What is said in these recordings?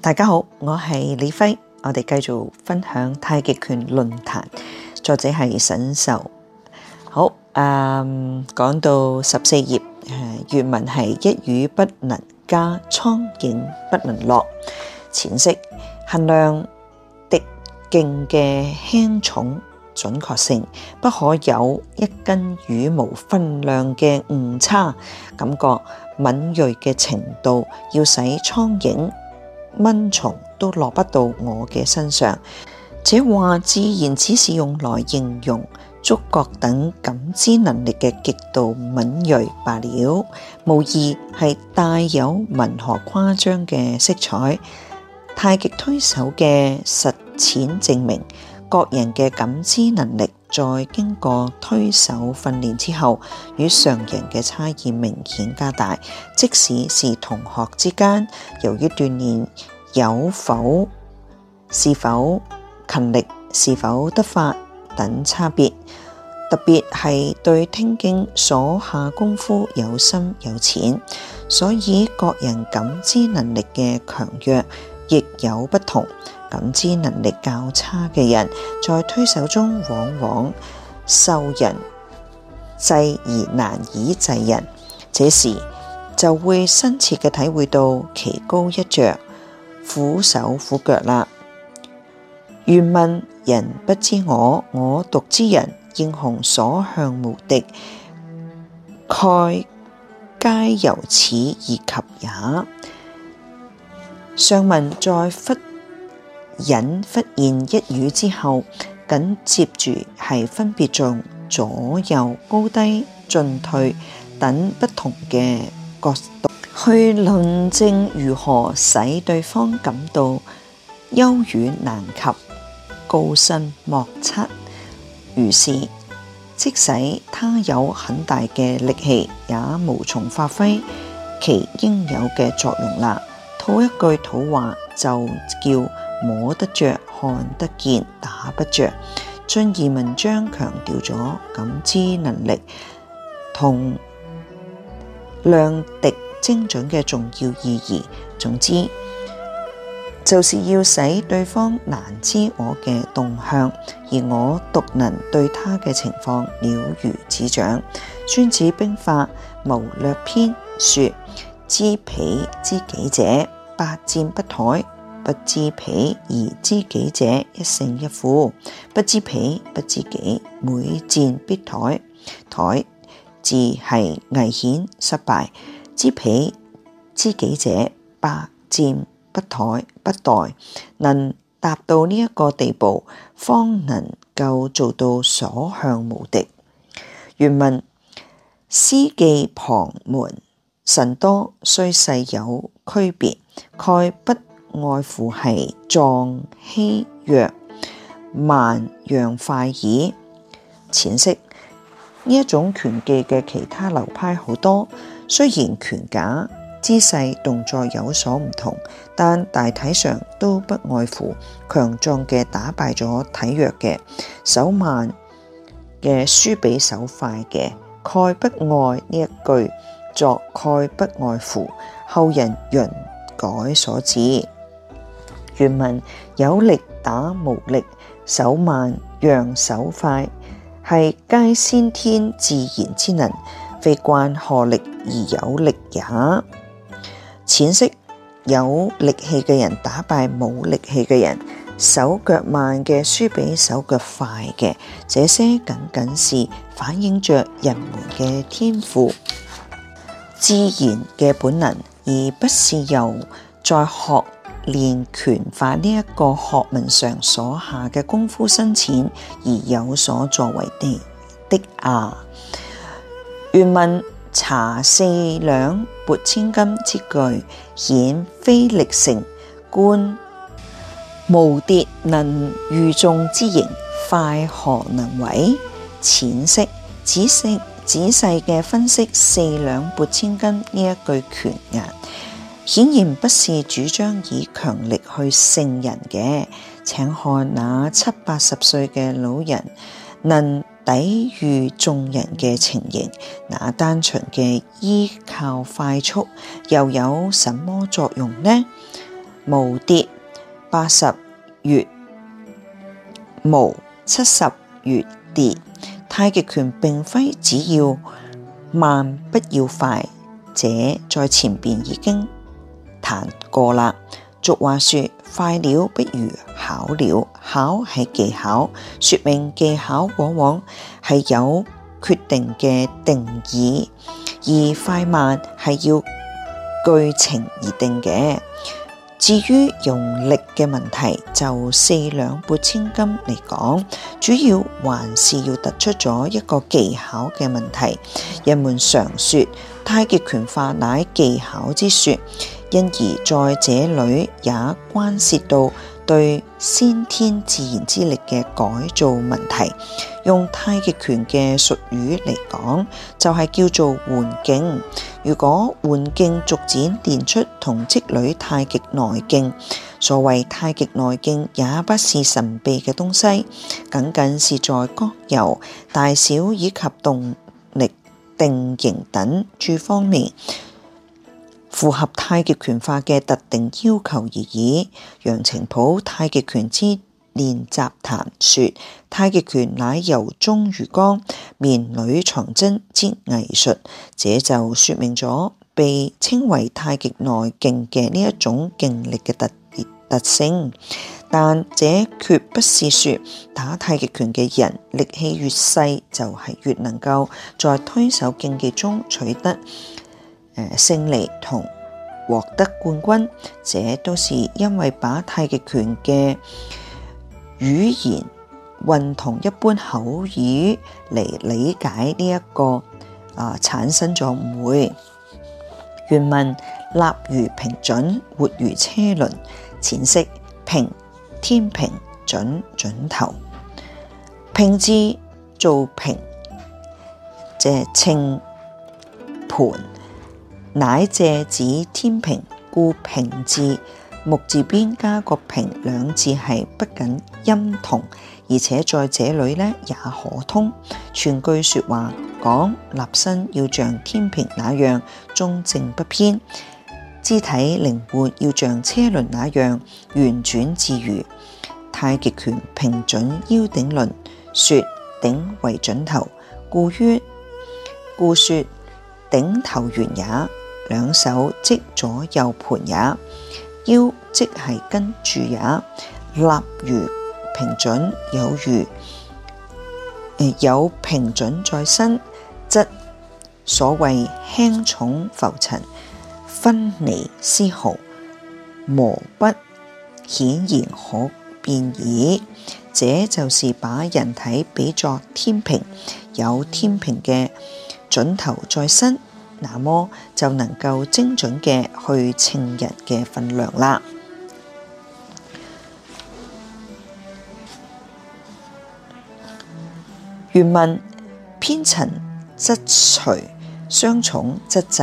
大家好，我係李輝，我哋繼續分享太極拳論壇。作者係沈壽。好，誒、嗯，講到十四頁，原、呃、文係一羽不能加，蒼蠅不能落。淺釋衡量敵勁嘅輕重準確性，不可有一根羽毛分量嘅誤差。感覺敏銳嘅程度，要使蒼蠅。蚊蟲都落不到我嘅身上，這話自然只是用來形容觸覺等感知能力嘅極度敏銳罷了，無疑係帶有文學誇張嘅色彩。太極推手嘅實踐證明，個人嘅感知能力。在經過推手訓練之後，與常人嘅差異明顯加大。即使是同學之間，由於鍛煉有否、是否勤力、是否得法等差別，特別係對聽經所下功夫有深有淺，所以各人感知能力嘅強弱亦有不同。感知能力較差嘅人，在推手中往往受人制而難以制人，這時就會深切嘅體會到棋高一着，縛手縛腳啦。願問人不知我，我獨知人。英雄所向無敵，蓋皆由此而及也。上文在忽。引忽然一語之後，緊接住係分別從左右、高低、進退等不同嘅角度去論證如何使對方感到優遠難及、高深莫測。於是，即使他有很大嘅力氣，也無從發揮其應有嘅作用啦。套一句土話就叫。摸得著、看得見、打不著。進而文章強調咗感知能力同量敵精準嘅重要意義。總之，就是要使對方難知我嘅動向，而我獨能對他嘅情況了如指掌。《孫子兵法·謀略篇》說：知彼知己者，百戰不殆。不知彼而知己者，一勝一負；不知彼不知己，每戰必殆。殆字係危險失敗。知彼知己者，百戰不殆不殆。能達到呢一個地步，方能夠做到所向無敵。原文，斯技旁門甚多，雖勢有區別，概不外乎係壯欺弱，慢讓快耳。淺釋，呢一種拳技嘅其他流派好多，雖然拳架姿勢動作有所唔同，但大體上都不外乎強壯嘅打敗咗體弱嘅，手慢嘅輸俾手快嘅。蓋不外呢一句作蓋不外乎，後人潤改所指。原文有力打無力，手慢讓手快，係皆先天自然之能，非慣學力而有力也。淺釋，有力氣嘅人打敗冇力氣嘅人，手腳慢嘅輸俾手腳快嘅，這些僅僅是反映着人們嘅天賦、自然嘅本能，而不是由在學。練拳法呢一個學問上所下嘅功夫深淺而有所作為地的，的啊？原文察四兩撥千斤之句，顯非力勝，觀耄耋能禦眾之形，快何能為？淺釋。仔細仔細嘅分析四兩撥千斤呢一句拳眼。顯然不是主張以強力去勝人嘅，請看那七八十歲嘅老人能抵御眾人嘅情形，那單純嘅依靠快速又有什麼作用呢？無跌八十月，無七十月跌，太極拳並非只要慢，不要快，這在前面已經談過啦。俗話說快了不如巧了，巧係技巧，說明技巧往往係有決定嘅定義，而快慢係要據情而定嘅。至於用力嘅問題，就四兩撥千金嚟講，主要還是要突出咗一個技巧嘅問題。人們常說太極拳化乃技巧之說。因而，在這裏也關涉到對先天自然之力嘅改造問題。用太極拳嘅術語嚟講，就係、是、叫做換勁。如果換勁逐漸練出同積累太極內勁，所謂太極內勁也不是神秘嘅東西，僅僅是在剛柔、大小以及動力、定型等諸方面。符合太極拳化嘅特定要求而已。楊澄甫《太極拳之練習談》說：太極拳乃由中如剛，面裏藏針之藝術。這就説明咗被稱為太極內勁嘅呢一種勁力嘅特別特性。但這決不是説打太極拳嘅人力氣越細就係、是、越能夠在推手競技中取得，誒勝利同獲得冠軍，這都是因為把太極拳嘅語言混同一般口語嚟理解呢一個啊，產生咗誤會。原文立如平準，活如車輪。淺釋平天平準準頭，拼之做平，即係稱盤。乃借指天平，故平字木字邊加個平，兩字，係不僅音同，而且在這裏呢也可通。全句話，說話講，立身要像天平那樣中正不偏，肢體靈活要像車輪那樣圓轉自如。太極拳平準腰頂輪，說頂為準頭，故於故說頂頭圓也。兩手即左右盤也，腰即係跟住也。立如平準，有如、呃、有平準在身，則所謂輕重浮沉，分厘絲毫，無不顯然可辨矣。這就是把人體比作天平，有天平嘅準頭在身。那麼就能夠精準嘅去稱人嘅份量啦。原文偏沉則隨，雙重則制。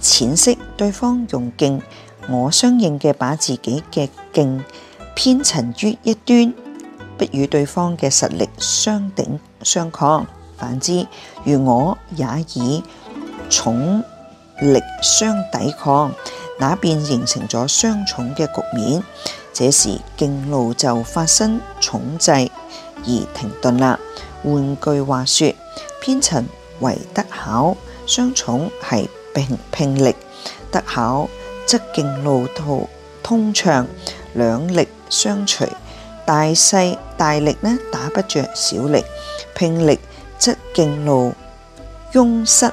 淺色對方用勁，我相應嘅把自己嘅勁偏沉於一端，不與對方嘅實力相頂相抗。反之，如我也以重力相抵抗，那便形成咗雙重嘅局面。這時勁路就發生重制而停頓啦。換句話說，偏沉為得巧，雙重係並拼力得巧，則勁路途通暢，兩力相隨。大細大力呢打不着小力，拼力則勁路壅塞。